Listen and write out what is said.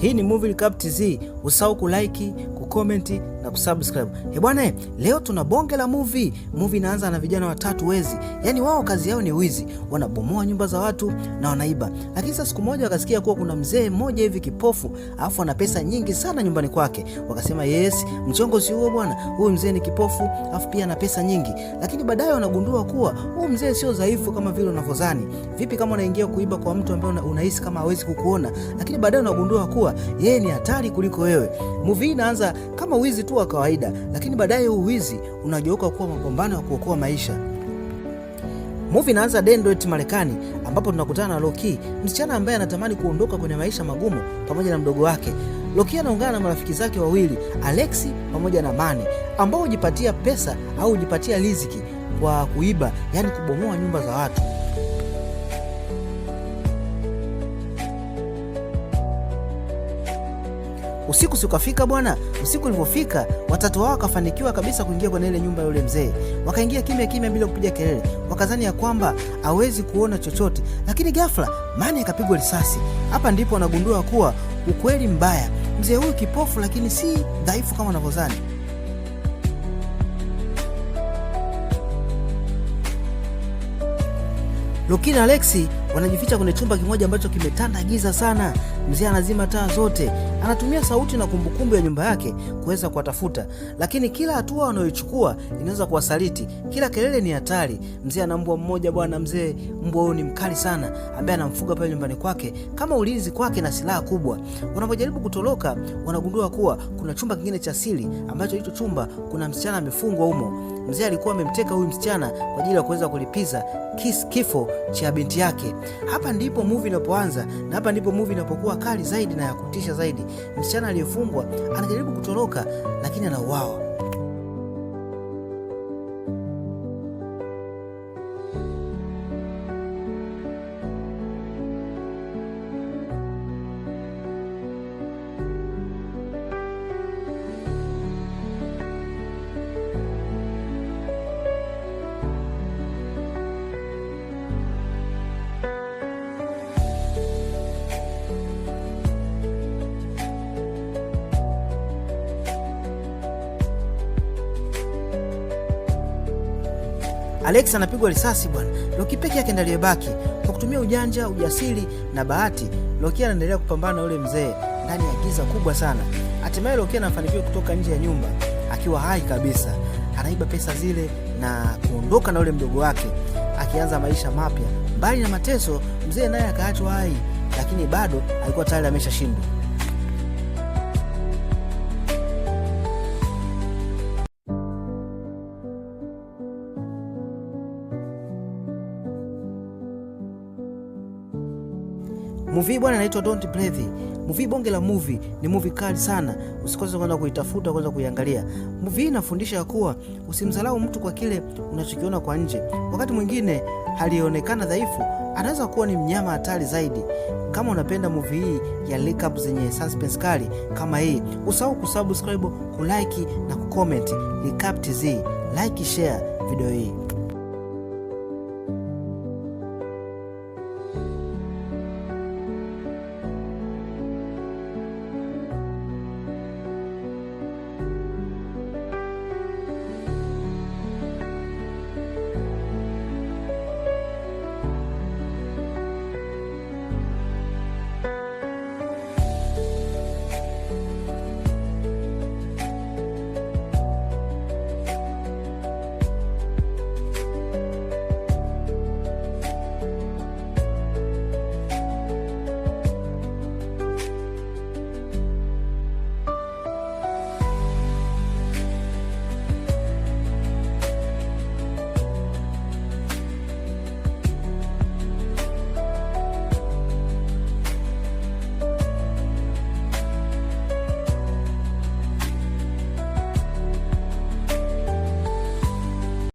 Hii ni Movie Recap TZ, usahau kulike, kukomenti na kusubscribe. He eh, bwana, eh, leo tuna bonge la movie. Movie inaanza na vijana watatu wezi, yaani wao kazi yao ni wizi, wanabomoa nyumba za watu na wanaiba. Lakini sasa siku moja wakasikia kuwa kuna mzee mmoja hivi kipofu, alafu ana pesa nyingi sana nyumbani kwake. Wakasema yes, mchongo si huo bwana, huyu mzee ni kipofu alafu pia ana pesa nyingi. Lakini baadaye wanagundua kuwa huyu mzee sio dhaifu kama vile unavyodhani. Vipi kama unaingia kuiba kwa mtu ambaye unahisi kama hawezi kukuona, lakini baadaye unagundua kuwa yeye ni hatari kuliko wewe. Movie inaanza kama wizi tu wa kawaida, lakini baadaye huu wizi unageuka kuwa mapambano ya kuokoa maisha. Movie inaanza Detroit, Marekani, ambapo tunakutana na Loki, msichana ambaye anatamani kuondoka kwenye maisha magumu pamoja na mdogo wake. Loki anaungana na marafiki zake wawili Alexi pamoja na Mane ambao hujipatia pesa au hujipatia riziki kwa kuiba, yaani kubomoa nyumba za watu. Usiku si ukafika bwana. Usiku ulivyofika watatu wao wakafanikiwa kabisa kuingia kwenye ile nyumba yule mzee. Wakaingia kimya kimya bila kupiga kelele, wakadhani ya kwamba awezi kuona chochote, lakini ghafla Mani akapigwa risasi. Hapa ndipo wanagundua kuwa ukweli mbaya, mzee huyu kipofu, lakini si dhaifu kama wanavyozani. lukini Alexi wanajificha kwenye chumba kimoja ambacho kimetanda giza sana. Mzee anazima taa zote, anatumia sauti na kumbukumbu ya nyumba yake kuweza kuwatafuta, lakini kila hatua wanayoichukua inaweza kuwasaliti. Kila kelele ni hatari. Mzee ana mbwa mmoja bwana. Mzee mbwa huyo ni mkali sana, ambaye anamfuga pale nyumbani kwake kama ulinzi kwake na silaha kubwa. Wanapojaribu kutoroka, wanagundua kuwa kuna chumba kingine cha siri, ambacho hicho chumba kuna msichana amefungwa humo. Mzee alikuwa amemteka huyu msichana kwa ajili ya kuweza kulipiza kis kifo cha binti yake. Hapa ndipo muvi inapoanza na hapa ndipo muvi inapokuwa kali zaidi na ya kutisha zaidi. Msichana aliyefungwa anajaribu kutoroka, lakini anauawa. Alex anapigwa risasi bwana. Loki peke yake ndiye baki Kwa kutumia ujanja, ujasiri na bahati, Loki anaendelea kupambana na yule mzee ndani ya giza kubwa sana. Hatimaye Loki anafanikiwa kutoka nje ya nyumba akiwa hai kabisa. Anaiba pesa zile na kuondoka na yule mdogo wake, akianza maisha mapya. Mbali na mateso, mzee naye akaachwa hai, lakini bado alikuwa tayari ameshashindwa. Movie bwana inaitwa Don't Breathe. Movie bonge la movie, ni movie kali sana. Usikose kwenda kuitafuta, kwanza kuiangalia. Movie hii inafundisha kuwa usimdharau mtu kwa kile unachokiona kwa nje. Wakati mwingine alionekana dhaifu anaweza kuwa ni mnyama hatari zaidi. Kama unapenda movie hii ya recap zenye suspense kali kama hii, usahau kusubscribe, kulike na kucomment. Recap TZ, like share video hii.